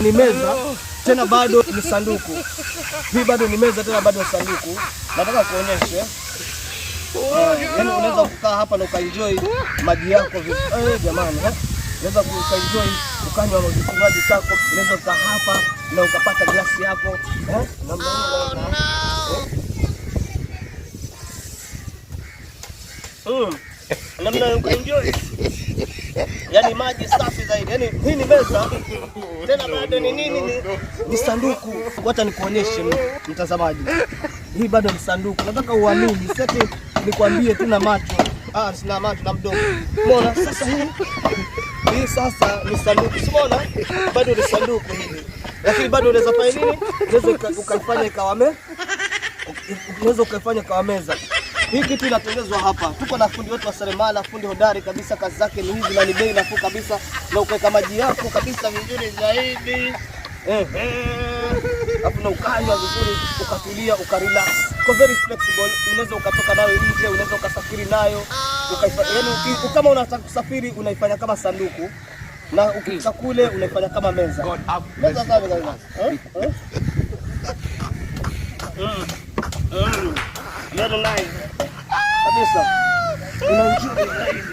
hii ni meza tena bado ni sanduku. Hii bado ni meza tena bado ni sanduku. Nataka kuonyeshe. Eh, yaani unaweza kukaa hapa na ukaenjoy maji yako eh, jamani. Eh. Unaweza kuenjoy ukanywa maji yako, unaweza kukaa hapa na ukapata glasi yako eh, oh, eh. Mm. namna hiyo Yaani maji safi zaidi. Yaani hii ni meza tena bado ni nini? Ni sanduku. Wacha nikuonyeshe mtazamaji, hii bado ni sanduku. Nataka uamini, siati nikwambie tu na macho Ah, sina macho na mdomo. Mbona sasa hii? Hii sasa ni sanduku. simona Bado ni sanduku hii, Lakini bado unaweza fanya nini? Unaweza ukaifanya ikawa meza. Unaweza ukafanya ikawa meza. Hii kitu inatengezwa hapa, tuko na fundi wetu wa seremala, fundi hodari kabisa, kazi zake ni hizi na ni bei nafuu kabisa, na ukaweka maji yako kabisa vizuri zaidi hapo na ukanywa vizuri, ukatulia, ukarelax. Kwa very flexible, unaweza ukatoka nayo nje, unaweza ukasafiri nayo ukaifanya, yani, kama unataka kusafiri unaifanya kama sanduku na ukifika kule unaifanya kama meza meza sana Deus. Não. nome